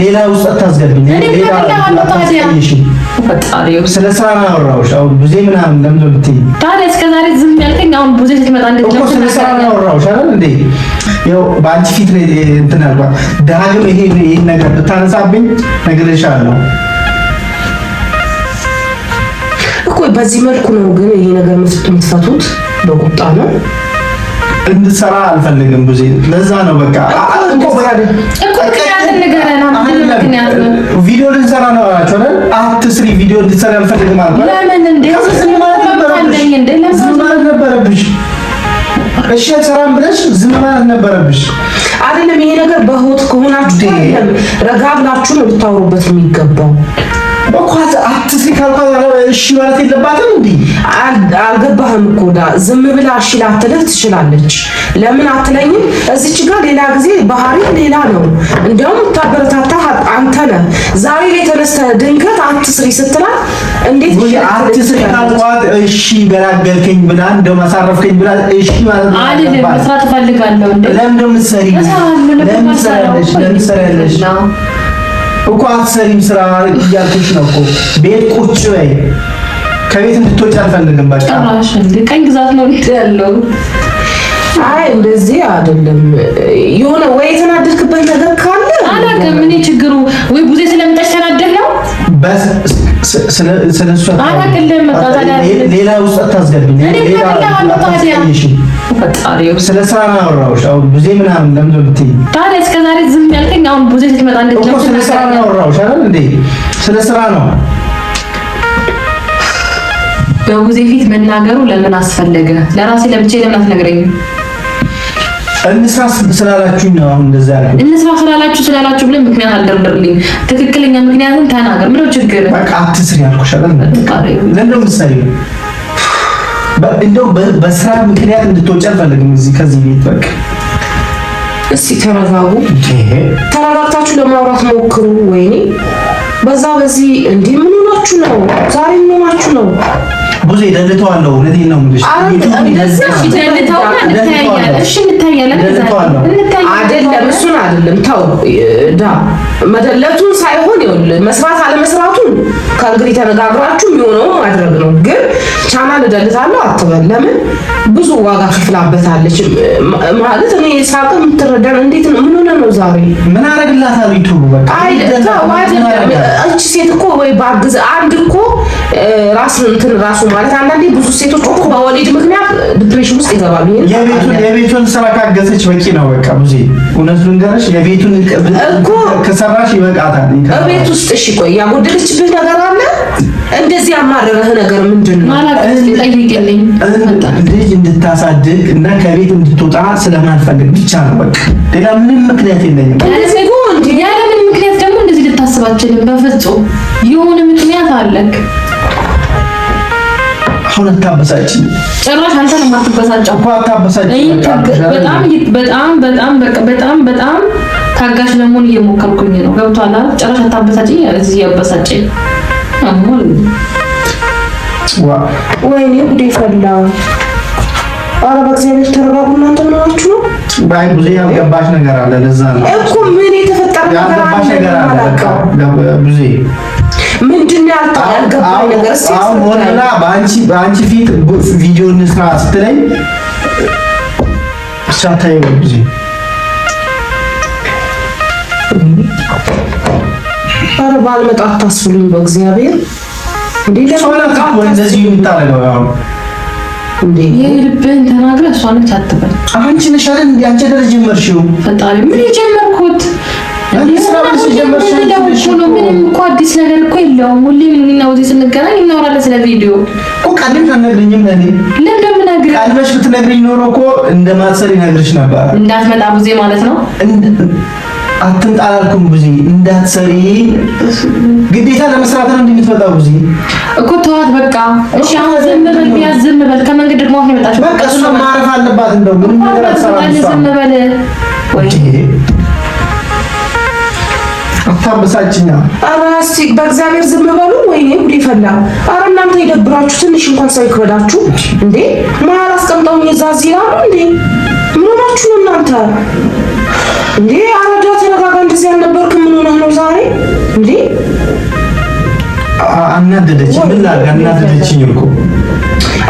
ሌላ ውስጥ አታስገብኝ። ስለ ስራ ነው ያወራሁሽ። አሁን ቡዜ ምናምን ለምን ብትይ ታዲያ እስከዛሬ ዝም ያልከኝ አሁን ቡዜ ስትመጣ እንዴት ነው? ስለ ስራ ነው ያወራሁሽ አይደል እንዴ? ያው በአንቺ ፊት ላይ እንትን አልኳት። ዳግም ይሄ ይሄን ነገር ብታነሳብኝ እነግርሻለሁ። እኮ በዚህ መልኩ ነው ግን ይሄ ነገር የምትፈቱት በቁጣ ነው እንድትሰራ አልፈልግም። ብዙ ለዛ ነው በቃ እኮ ቪዲዮ ልንሰራ ነው አላችሁ አትስሪ ቪዲዮ እንድትሰሪ አልፈልግም ነበረብሽ። እሺ አልሰራም ብለሽ ዝም ማለት ነበረብሽ አይደለም? ይሄ ነገር በህይወት ከሆናችሁ ረጋ ብላችሁ ነው ልታወሩበት የሚገባው። እኳት አትስሪ ካልኳት እሺ ማለት የለባትም። እንዴ? አልገባህም እኮ ዳ ዝም ብላ እሺ ላትልህ ትችላለች። ለምን አትለኝም? እዚች ጋር ሌላ ጊዜ ባህሪ ሌላ ነው። እንዲያውም ታበረታታ አንተ ነህ። ዛሬ ላይ ተነስተህ ድንገት አትስሪ ስትላት እንዴት አትስሪ ካልኳት እሺ ገላገልከኝ ብላ እንደው ማሳረፍከኝ ብላ እሺ ማለት ነው። አይደለም መስራት እንዴ? ለምን እንደምትሰሪ ለምን ሰራለሽ? ለምን ሰራለሽ? እኮ አትሰሪም ስራ እያልኩሽ ነው እኮ ቤት ቁጭ በይ። ከቤት እንድትወጪ አልፈልግም። በቃ ጭራሽ ቀኝ ግዛት ነው ያለው። አይ እንደዚህ አይደለም። የሆነ ወይ የተናደድክበት ነገር ካለ አላውቅም። እኔ ችግሩ ወይ ቡዜ ስለምጠሽ ተናደድ ነው በስ ስለሱ ሌላ ውስጥ አታስገብኝ። ስለ ስራ ነው ያወራሁሽ። አሁን ቡዜ ምናምን ለምን ብትይ ታዲያ እስከ ዛሬ ዝም ያልከኝ አሁን ቡዜ ስትመጣ ስለ ስራ ነው ያወራሁሽ አይደል እንዴ? ስለ ስራ ነው። በቡዜ ፊት መናገሩ ለምን አስፈለገ? ለራሴ ለብቻዬ ለምን አትነግረኝም? እንስራ ስላላችሁ ነው። አሁን እንደዛ ያልኩት እንስራ ስላላችሁ ስላላችሁ ብለን ምክንያት አልደርድርልኝ። ትክክለኛ ምክንያቱም ተናገር። ምነው ችግር በቃ አትስሪ ያልኩሽ አይደል? ለምን ምሳሌ እንደው በስራ ምክንያት እንድትወጪ አልፈልግም እዚህ ከዚህ ቤት በቃ እስቲ ተረጋጉ። ተረጋግታችሁ ለማውራት ሞክሩ። ወይኔ በዛ በዚህ እንዲህ ምን ሆናችሁ ነው? ዛሬ ምን ሆናችሁ ነው? ጉዜ ደልተዋለሁ። እውነቴን ነው የምልሽ። አይደለም እሱን አይደለም ተው ዳ መደለቱን ሳይሆን መስራት አለመስራቱን ከእንግዲህ ተነጋግሯችሁ የሚሆነውን ማድረግ ነው። ግን ቻናል እደልታለሁ አትበል። ለምን ብዙ ዋጋ ከፍላበታለች ማለት እኔ ሳቅ የምትረዳን እንዴት ነው? ምን ሆነ ነው ዛሬ ምን አረግላታል? ይቱ አይደለም እቺ ሴት እኮ ወይ ባግዝ አንድ እኮ ራስ እንትን ራሱ ማለት አንዳንዴ ብዙ ሴቶች እኮ በወሊድ ምክንያት ዲፕሬሽን ውስጥ ይገባሉ። የቤቱን የቤቱን ስራ ካገዘች በቂ ነው። በቃ ብዙ እውነት ልንገርሽ፣ የቤቱን እኮ ከሰራሽ ይበቃታል። ቤት ውስጥ እሺ፣ ቆይ ያጎደለችብህ ነገር አለ? እንደዚህ ያማረረህ ነገር ምንድን ነው? ልጅ እንድታሳድግ እና ከቤት እንድትወጣ ስለማልፈልግ ብቻ ነው። በቃ ሌላ ምንም ምክንያት የለኝም። ያለምን ምክንያት ደግሞ እንደዚህ ልታስባችልም በፍጹም የሆነ ምክንያት አለክ አሁን አታበሳጭ። ጭራሽ አንተ ነው የማትበሳጭ እኮ አታበሳጭ። በጣም በጣም በጣም በጣም ታጋሽ ለመሆን እየሞከርኩኝ ነው። ገብቷል አይደል? ጭራሽ አታበሳጭ። እዚህ ያበሳጨኝ አሁን ወይኔ ጉዴ ፈላ። ኧረ በእግዚአብሔር ተረጋጉ እናንተ ናችሁ። ባይ ብዙ ያልገባሽ ነገር አለ። ለዛ ነው እኮ ምን የተፈጠረ ነገር አለ። ያልገባሽ ነገር አለ። በቃ ብዙ ሆነና በአንቺ ፊት ቪዲዮ እንስራ ስትለኝ እሳታይ ጊዜ ኧረ ባልመጣ አታስብሉኝ በእግዚአብሔር። የልብህን ተናግረህ እሷ ነች አትበል። አንቺ ነሽ አይደል? አንቺ አይደል ጀመርሽው? ፈጣሪ ምን የጀመርኩት ምንም አዲስ ነገር እኮ የለውም። ሁሌም ነው እዚህ ስንገናኝ እናወራለን ስለ ቪዲዮ እኮ ቃልም አልነግረኝም። ለኔ ለምን ነግረኝ ቃልበሽ ብትነግረኝ ኖሮ እኮ እንደማትሰሪ ነግርሽ ነበር። እንዳትመጣ ቡዜ ማለት ነው። አትምጣ አላልኩም። እንዳትሰሪ ግዴታ ለመስራት ነው እንደምትመጣው ቡዜ እኮ ተዋት በቃ። እሺ አሁን ዝም በል ቢያዝ ዝም በል። ከመንገድ ደግሞ አሁን ይመጣች በቃ እሱ ማረፍ አለባት። እንደው ምን ነገር አሰራ ዝም በል ወይ አታበሳጭኛ። ኧረ እስኪ በእግዚአብሔር ዝም በሉ። ወይኔ ጉዴ ፈላ። አረ እናንተ የደብራችሁ ትንሽ እንኳን ሰው ይክበዳችሁ እንዴ! መሀል አስቀምጠውኝ እዛ እዚህ አሉ እንዴ! ምን ሆናችሁ እናንተ እንዴ? አረዳ ተረጋጋ። እንደዚህ አልነበርክም። ምን ሆነህ ነው ዛሬ እንዴ? አናደደችኝ። ምን ላድርግ? አናደደችኝ እኮ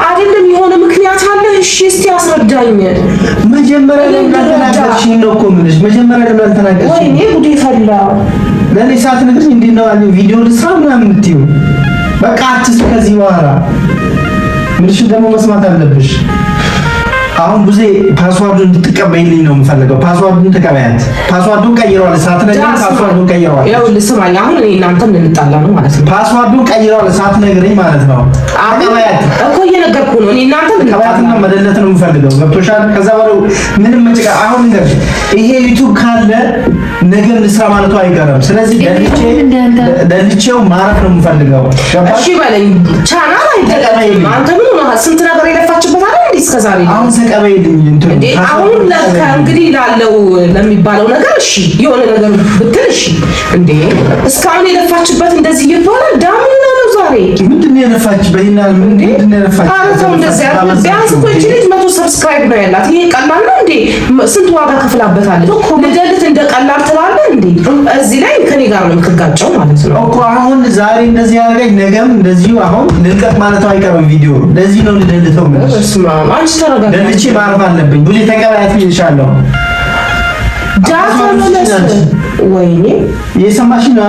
አይደለም። የሆነ ምክንያት አለ። እሺ እስቲ አስረዳኝ። መጀመሪያ ላይ እንዳልተናገርሽኝ ነው እኮ የምልሽ። መጀመሪያ ላይ እንዳልተናገርሽኝ ወይኔ ጉዴ ፈላ። ለእኔ ሳትነግሪኝ እንዴት ነው ያለው ቪዲዮ ልስራ ምናምን የምትይው በቃ አትስ ከዚህ በኋላ ምንሽ ደግሞ መስማት አለብሽ። አሁን ብዙ ፓስዋርዱን እንድትቀበይልኝ ነው የምፈልገው። ፓስዋርዱን ተቀበያት። ፓስዋርዱን ቀይረዋል። ሳትነግረኝ ፓስዋርዱን ቀይረዋል። ያው ልስማኝ። አሁን እኔ እናንተ እንጣላ ነው ማለት ነው። ፓስዋርዱን ቀይረዋል። ሳትነግረኝ ማለት ነው። ተቀበያት እኮ እየነገርኩ ነው። እኔ እናንተ ተቀበያትና መደለት ነው የምፈልገው። ገብቶሻል? ከዛ በኋላ ምንም መጭቃ አሁን ነገር ይሄ ዩቲዩብ ካለ ነገር ልስራ ማለቱ አይቀርም። ስለዚህ ደልቼ ደልቼው ማረፍ ነው የምፈልገው። እሺ በለኝ። ቻናል አይተቀበይልኝ። አንተ ምን ነው ስንት ነገር የለፋችበት እስከ ዛሬ አሁን አሁን ላለው ለሚባለው ነገር እሺ የሆነ ነገር ብትል እሺ እንዴ እስካሁን የለፋችበት እንደዚህ እየተሆነ ምንድን ነው የነፋች? በይናል ምንድን ነው የነፋች? ልጅ መቶ ሰብስክራይብ ነው ያላት። ይሄ ቀላል ነው እንዴ? ስንት ዋጋ ከፍላበታለች። ልደልት እንደ ቀላል ትላለህ እንዴ? እዚህ ላይ ከኔ ጋር ነው የምትጋጨው ማለት ነው አሁን ዛሬ እንደዚህ ያደረገኝ ነገም እንደዚሁ አሁን ልልቀቅ ማለቷ አይቀርም። ቪዲዮ ለዚህ ነው ልደልተው አንቺ ተረጋጋ። ደልቼ ማረፍ አለብኝ። ሁሌ ተቀባያት ይልሻለሁ ዳፋ ወይኔ የሰማሽ ነው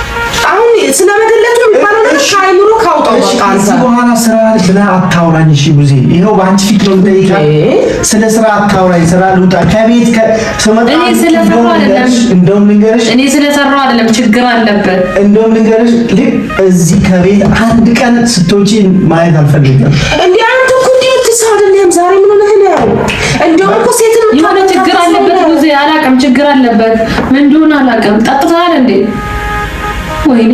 አሁን ስለ መገለቱ የሚባለው ነገር ከአይምሮ ካውጣው በቃ በኋላ ስራ ብለህ አታውራኝ። እሺ ቡዜ፣ ይኸው በአንቺ ፊት ነው የምጠይቀው። ስለ ስራ አታውራኝ። ስራ ልውጣ ከቤት ከሰመጣ እንደውም ልንገርሽ፣ እኔ ስለሰራው አይደለም፣ ችግር አለበት። እንደውም ልንገርሽ፣ ልክ እዚህ ከቤት አንድ ቀን ስትወጪ ማየት አልፈልግም። እንዴ አንተ እኮ እንዴት ትሳደልህም? ዛሬ ምን ሆነህ ነው? እንደውም እኮ ሴት የምታለው ችግር አለበት። ቡዜ፣ አላውቅም፣ ችግር አለበት። ምን እንደሆነ አላውቅም። ጠጥተሃል እንዴ? ወይኔ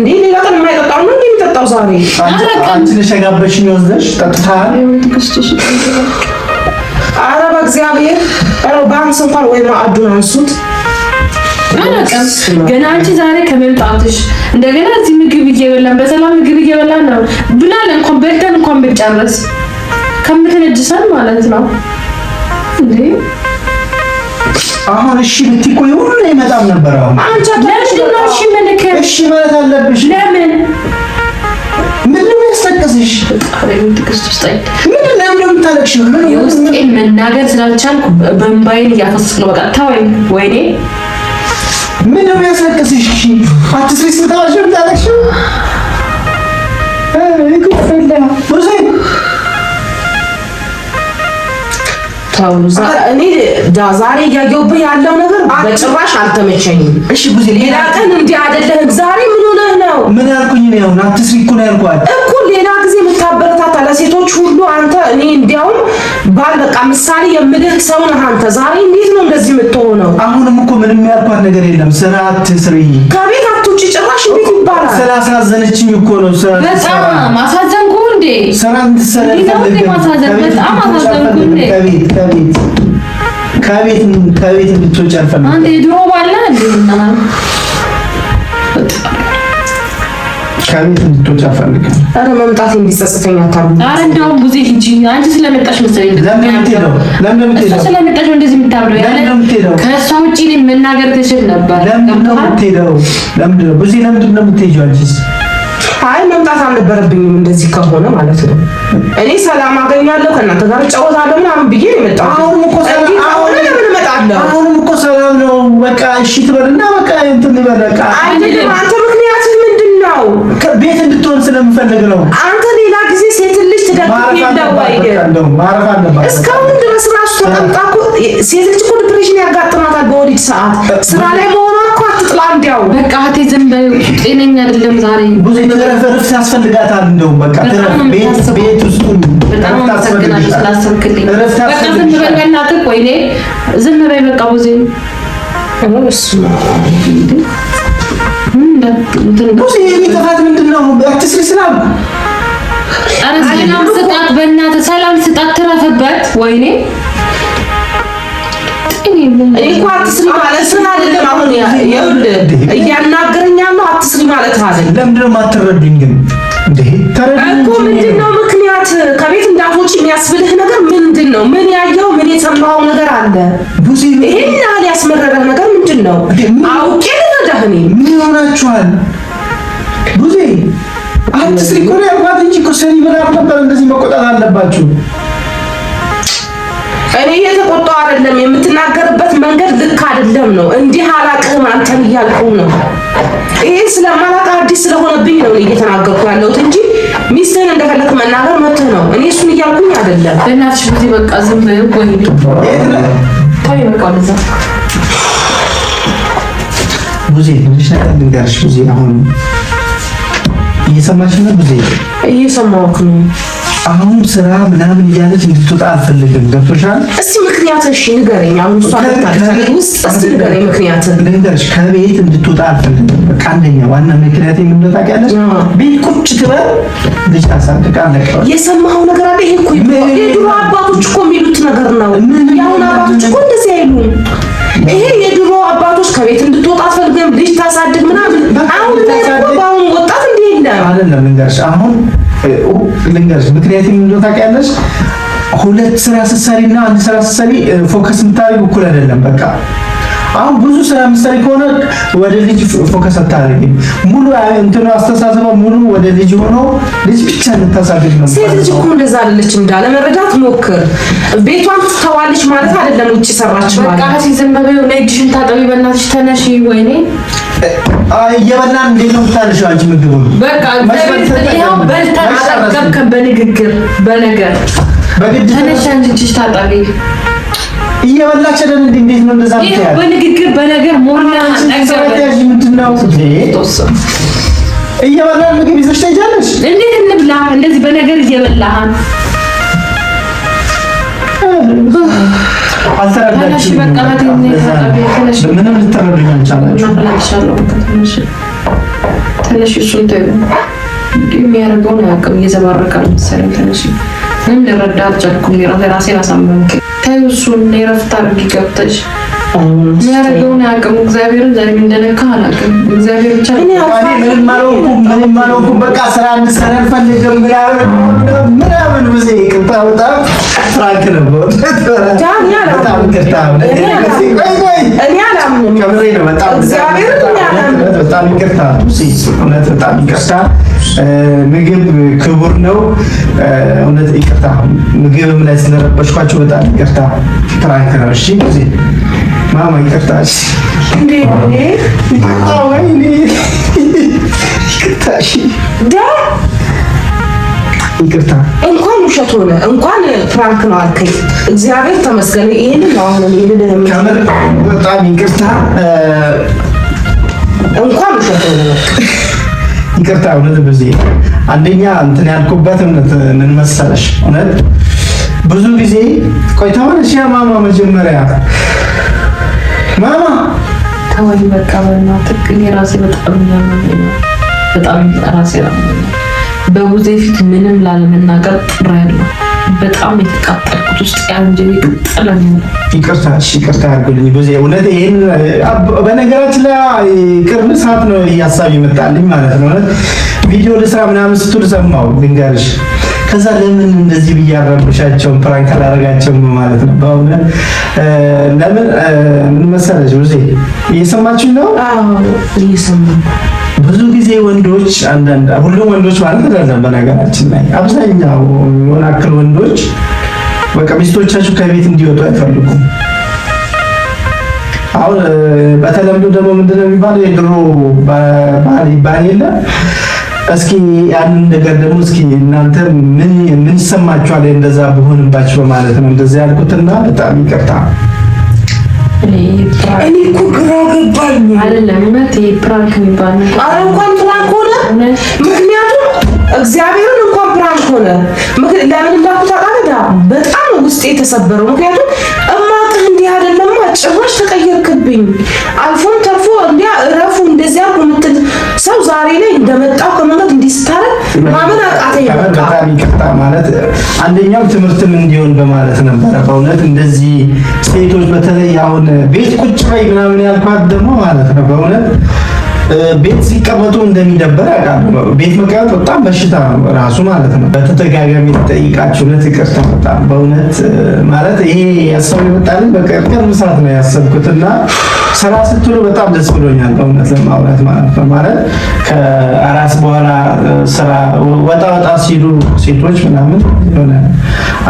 እንዴ ሌላ ዛሬ? አንቺ ነሽ ገና አንቺ ዛሬ ከመምጣትሽ እንደገና እዚህ ምግብ እየበላን በሰላም ምግብ እየበላን ነው ብናል እንኳን በልተን እንኳን ብንጨርስ ከምትነጅሰን ማለት ነው እንዴ አሁን እሺ ልትቆይ እኮ ሁሉ ይመጣም ነበር። አሁን አንቺ ለምንድን ነው እሺ መልከ እሺ ማለት አለብሽ? ለምን ምን ነው ያስጠቅስሽ? ታሪም ትክስት ምን ነው እንደምታለቅሽ ነው የውስጤን መናገር ስላልቻልኩ በእምባዬን እያፈሰስኩ ነው። በቃ ተወኝ። ወይኔ ምን ነው ያስጠቅስሽ? እሺ አትስሪ ስታሽ ታለቅሽ እኮ ፈላ እኔ ዛሬ እያየሁብህ ያለው ነገር በጭራሽ አልተመቸኝም። እሺ ጉዜ፣ ሌላ ቀን እንዲህ አይደለህም። ዛሬ ምን ሆነህ ነው? ምን ያልኩኝ ነው? አትስሪ እኮ ነው ያልኳት እኮ። ሌላ ጊዜ የምታበረታታ ለሴቶች ሁሉ አንተ። እኔ እንዲያውም ባል በቃ ምሳሌ የምልህ ሰው ነህ አንተ። ዛሬ እንዴት ነው እንደዚህ የምትሆነው? አሁንም እኮ ምንም ያልኳት ነገር የለም። ስራ አትስሪ፣ ከቤት አትውጪ ጭራሽ እንዴት ይባላል? ስላሳዘነችኝ እኮ ነው። ስራ በጣም አሳዘንኩ እንዴ? ስራ እንድትሰራ ከቤት እንድትወጪ አልፈልግም። አንዴ ድሮ ባለ ከቤት እንድትወጪ አልፈልግም። ኧረ መምጣት እንዲጸጽተኝ አታርጉ። ኧረ እንደውም ጊዜ ሂጂ። አንቺ ስለመጣሽ መሰለኝ ስለመጣሽ እንደዚህ የምታብለው ያለ ከእሷ ውጪ መናገር ትችል ነበር። ለምንድን ነው የምትሄደው? ለምንድን ነው የምትሄጂው? አንቺስ መምጣት አልነበረብኝም፣ እንደዚህ ከሆነ ማለት ነው። እኔ ሰላም አገኛለሁ ከእናንተ ጋር እጫወታለሁ ምናምን ብዬ ነው የመጣሁት። አሁንም እኮ ለምን እመጣለሁ? አሁንም እኮ ሰላም ነው። በቃ እሺ ትበልና በቃ እንትን ይበል በቃ አይደለም። አንተ ምክንያት ምንድን ነው ቤት እንድትሆን ስለምፈልግ ነው። አንተ ሌላ ጊዜ ሴት ልጅ ትደግፍ የለው እስካሁን ድረስ ራሱ ተቀምጣ ሴት ልጅ እኮ ዲፕሬሽን ያጋጥማታል በወሊድ ሰዓት ስራ ላይ መሆኗ አትጥላ። እንዲያው በቃ እህቴ ዝም በይው፣ ጤነኛ አይደለም ዛሬ። ብዙ ነገር ያስፈልጋታል። እንደው በቃ ቤት ቤት ውስጥ በጣም አመሰግናለሁ ዝም በይ በቃ ብዙ ሰላም ስጣት፣ በእናትህ ሰላም ስጣት፣ ትረፍበት። ወይኔ እኔ እኮ አትስሪ ነው ምክንያት ከቤት እንዳትወጪ የሚያስብልህ ነገር ምን ያየው ምን የሰማው ነገር አለ? ቡዜ ይሄን ያህል ያስመረረህ ነገር ምንድን ነው? አውቄ ልረዳህ እኔ ምን ሆናችኋል? ቡዜ አትስሪ እኮ ነው ያልኳት እንጂ እኮ ሰኒ ብላ ነበር። እንደዚህ መቆጣት አለባችሁ። እኔ እየተቆጣው አይደለም፣ የምትናገርበት መንገድ ልክ አይደለም ነው። እንዲህ አላቅህም አንተም እያልኩህ ነው። ይሄ ስለማላውቅ አዲስ ስለሆነብኝ ነው እየተናገርኩ ያለሁት እንጂ ሚስትህን እንደፈለክ መናገር መብትህ ነው። እኔ እሱን እያልኩኝ አይደለም። በእናትሽ ጊዜ በቃ ዝም ብለህ ወይ ታይ በቃ ለዛ ቡዜ ትንሽ ነገር ልንገርሽ። ቡዜ አሁን እየሰማሽ ነው? ቡዜ እየሰማሁህ ነው። አሁን ስራ ምናምን እያለች እንድትወጣ አልፈልግም። ገብቶሻል? እስቲ ምክንያት እሺ ንገረኝ። አሁን እሷ ውስጥ እስቲ ንገረኝ ምክንያት። ከቤት እንድትወጣ አልፈልግም። በቃ አንደኛ ዋና ምክንያት የምንወጣ ያለች ቤት ቁጭ ትበል ልጅ ታሳድቃ አለቀ። የሰማው ነገር አለ። ይሄ እኮ የድሮ አባቶች እኮ የሚሉት ነገር ነው። የአሁን አባቶች እኮ እንደዚህ አይሉም። ይሄ የድሮ አባቶች ከቤት እንድትወጣ አልፈልግም ልጅ ታሳድግ ምናምን አሁን ላይ በአሁን አይደለም ልንገርሽ፣ አሁን ልንገርሽ፣ ምክንያት እንደው ታውቂያለሽ ሁለት ስራ ስትሰሪ እና አንድ ስራ ስትሰሪ ፎከስ የምታደርጊው እኩል አይደለም። በቃ አሁን ብዙ ስራ የምትሰሪ ከሆነ ወደ ልጅ ፎከስ አታደርጊም። ሙሉ እንትኑ አስተሳሰበ ሙሉ ወደ ልጅ ሆኖ ልጅ ብቻ እንታሳደግ ነው። ሴት ልጅ እኮ እንደዛ አይደለች። እንዳለ መረዳት ሞክር። ቤቷን ትተዋለች ማለት አይደለም ውጭ ሰራች ማለት በቃ ሲዘንበበ ላይ እጅሽን ታጠቢ፣ በእናትሽ ተነሺ፣ ወይኔ እየበላን እንዴት ነው ብታለሽ? አንቺ ምግቡ በቃ በንግግር በነገር በግድ ተነሽ ታጣቢ እየበላች እንዴት ነው በንግግር በነገር ሞላ እየበላን ምግብ ይዘሽ ትሄጃለሽ? እንዴት እንብላ? እንደዚህ በነገር እየበላህ አስተዳዳችሁ ምንም ልትረዱኝ አልቻላችሁ። የሚያደርገውን አያውቅም። እየዘባረቀ መሰለኝ። ትንሽ ምንም ልረዳ አልቻልኩም። ራሴን አሳመምክ። ተይው እሱን የረፍት አድርጊ ገብተሽ የሚያደርገውን አያውቅም። እግዚአብሔርን ዛሬ እንደነካ አላውቅም። እግዚአብሔር ብቻ በቃ ስራ እንድትሰራ አልፈልግም ምናምን ብዙ ይቅርታ፣ በጣም ፍራንክ ነበር። ይቅርታ። እውነት በጣም ይቅርታ። ምግብ ክቡር ነው። እውነት ይቅርታ። ምግብም ላይ ስለረበሽኳቸው በጣም ይቅርታ። ፍራንክ ነው። እሺ ማማ ይቅርታሽ ይቅርታ እንኳን ውሸት ሆነ እንኳን ፍራንክ ነው አልከኝ። እግዚአብሔር ተመስገን። በጣም ይቅርታ እንኳን ውሸት ሆነ ይቅርታ እውነት አንደኛ እንትን ያልኩበት እውነት ምን መሰለሽ፣ እውነት ብዙ ጊዜ መጀመሪያ ማማ ተወኝ በቃ በእናትህ። እኔ ራሴ በጣም እያመመኝ በጣም ራሴ ያመመኝ በቡዜ ፊት ምንም ላለመናገር ጥራ ያለው በጣም የተቃጠልኩት ውስጥ የአንጀሌ ቅጠለ ይቅርታ ይቅርታ ያልኩኝ ብዙ እውነት ይህን በነገራችን ላይ ቅርብ ሰዓት ነው እያሳብ ይመጣልኝ ማለት ነው። ቪዲዮ ልስራ ምናምን ስትል ሰማሁ ድንጋርሽ ከዛ ለምን እንደዚህ ብያረብሻቸውን ፕራንክ አላረጋቸውም ማለት ነው። በእውነት ለምን መሰለሽ ውዜ እየሰማችሁ ነው። ብዙ ጊዜ ወንዶች አንዳንድ ሁሉም ወንዶች ማለት አይደለም፣ በነገራችን ላይ አብዛኛው የሆነ አክል ወንዶች በቃ ሚስቶቻችሁ ከቤት እንዲወጡ አይፈልጉም። አሁን በተለምዶ ደግሞ ምንድነው የሚባለው የድሮ ባህል ይባል የለ እስኪ ያንን ነገር ደግሞ እስኪ እናንተ ምን ምን ይሰማችኋል እንደዛ ብሆንባችሁ በማለት ነው እንደዛ ያልኩትና በጣም ይቅርታ። እኔ እኮ ግራ ገባኝ። አይደለም እውነት ይሄ ፕራንክ የሚባል ነገር እንኳን ፕራንክ ሆነ። ምክንያቱም እግዚአብሔርን እንኳን ፕራንክ ሆነ። ለምን እንዳልኩት በጣም ውስጤ የተሰበረው ምክንያቱም እማቅህ እንዲህ አይደለም ጭራሽ ተቀየርክብኝ አልፎን ዛሬ ላይ እንደመጣው ከመመት እንዲስታረግ ማመን አቃተኝ። ይቅርታ ማለት አንደኛው ትምህርትም እንዲሆን በማለት ነበረ። በእውነት እንደዚህ ሴቶች በተለይ አሁን ቤት ቁጭ በይ ምናምን ያልኳት ደግሞ ማለት ነው በእውነት ቤት ሲቀመጡ እንደሚደበር ያውቃሉ። ቤት መቀመጥ በጣም በሽታ ነው ራሱ ማለት ነው። በተደጋጋሚ ተጠይቃችሁ ዕለት ይቅርታ በጣም በእውነት ማለት ይሄ ያሰብ ይመጣልን በቀርቀር ምሳት ነው ያሰብኩት እና ስራ ስትሉ በጣም ደስ ብሎኛል በእውነት ለማውራት ማለት ነው። ማለት ከአራስ በኋላ ስራ ወጣ ወጣ ሲሉ ሴቶች ምናምን የሆነ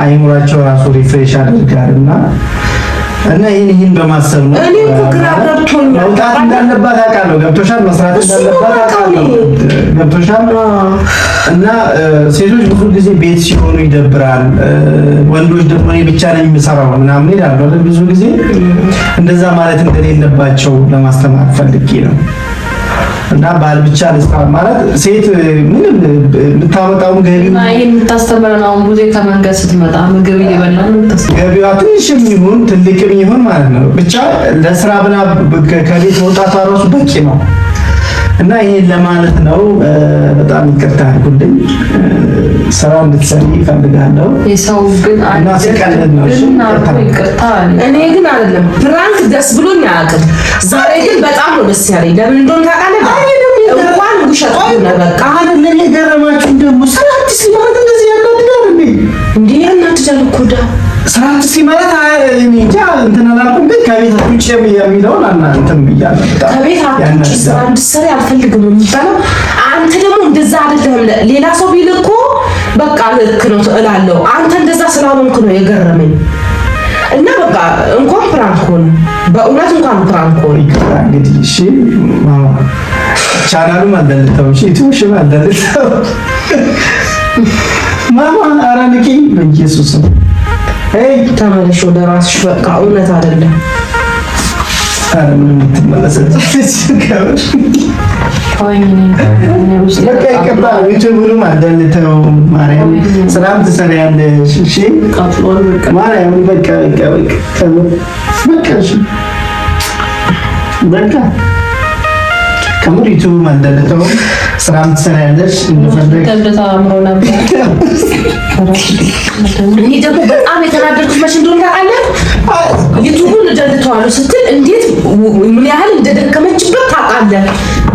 አይምሯቸው ራሱ ሪፍሬሽ አድርጋል እና እና ይሄን ይሄን በማሰብ ነው እኔ እኮ ግራ ገብቶኝ መውጣት እንዳለባት አውቃለሁ። ገብቶሻል። መስራት እንዳለባት አውቃለሁ። ገብቶሻል። እና ሴቶች ብዙ ጊዜ ቤት ሲሆኑ ይደብራል። ወንዶች ደግሞ እኔ ብቻ ነኝ የምሰራው ምናምን ይላሉ አይደል? ብዙ ጊዜ እንደዛ ማለት እንደሌለባቸው ለማስተማር ፈልጌ ነው። እና ባል ብቻ ለስራ ማለት ሴት ምንም የምታመጣውን ገቢ የምታስተምረን አሁን ጊዜ ከመንገድ ስትመጣ ምግብ እየበላ ገቢዋ ትንሽም ይሁን ትልቅም ይሁን ማለት ነው ብቻ ለስራ ብላ ከቤት መውጣቷ ራሱ በቂ ነው። እና ይሄን ለማለት ነው። በጣም ይቅርታ አድርጉልኝ። ስራ እንድትሰሚ እፈልጋለሁ። የሰው ግን እና ሲቀልድ ነው። እኔ ግን አይደለም ፕራንክ ደስ ብሎኝ አያውቅም። ዛሬ ግን በጣም ነው ደስ ያለኝ። ለምን እንደሆነ ታውቃለህ? አንዱ ሸጥ በቃ አይደል? ለኔ ገረማችሁ ደግሞ ስራ አትሲ ማለት እንደዚህ ያናድዳል እንዴ? እንዴ ያናድዳል እኮ ዳ ስራ አትሲ ማለት እኔ እንጃ እንትን አላልኩም፣ ግን ከቤት ውጭ የሚለውን አና እንትን ብያለሁ። ከቤት ውጭ ስራ እንድትሰሪ አልፈልግም የሚባለው አንተ ደግሞ እንደዛ አይደለም። ሌላ ሰው ቢል እኮ በቃ ልክ ነው እላለሁ። አንተ እንደዛ ስላልሆንክ ነው የገረመኝ። እና በቃ እንኳን ፕራንክ ሆነ፣ በእውነት እንኳን ፕራንክ ሆነ። እንግዲህ እሺ ቻናሉም አልደልተው፣ እሺ ዩቲዩብሽም አልደልተው። ማማ አራንቂ በኢየሱስ አይ ተመለሽ ወደ ራስሽ። በቃ እውነት አይደለም። አረ ምንም ትመለሰች በቃ ክቡር ዩቱብ ማንደለተው ስራ ምትሰራ ያለች በጣም የተናደድኩት መች እንደሆነ ታውቃለህ? ዩቱቡን ደልተዋለሁ ስትል እንዴት ምን ያህል እንደደከመችበት ታውቃለህ?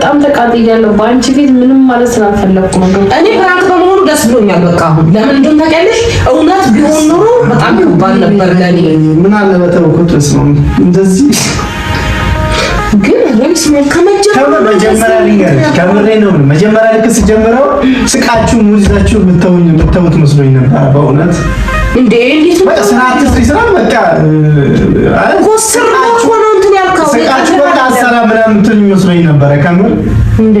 በጣም ተቃጥያለሁ። በአንቺ ፊት ምንም ማለት ስላልፈለኩ ነው። እኔ ፕራንክ በመሆኑ ደስ ብሎኛል። በቃ አሁን ለምን እንደሆነ ታውቂያለሽ። እውነት ቢሆን ኖሮ በጣም ይባል ነበር። ለኔ ምን አለ በተውኩ ድረስ ነው እንደዚህ ግን ወይስ ምን ከመጀመሪያ ልንገርሽ፣ ከምሬ ነው። መጀመሪያ ልክ ስጀምረው ስቃችሁ ሙዚዛችሁ ምተውኝ ምተውት መስሎኝ ነበር በእውነት እንዴ እንዴት ነው ስራ አትስሪ ስራ በቃ አይ ኮስራ ነው እንትን ያልከው ጋራ ምናምን እንትን የሚመስለኝ ነበረ። ከምር እንዴ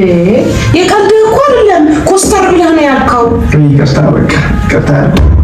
የቀልድ እኮ አይደለም። ኮስተር ብለህ ነው ያልከው። ይቅርታ በቃ ይቅርታ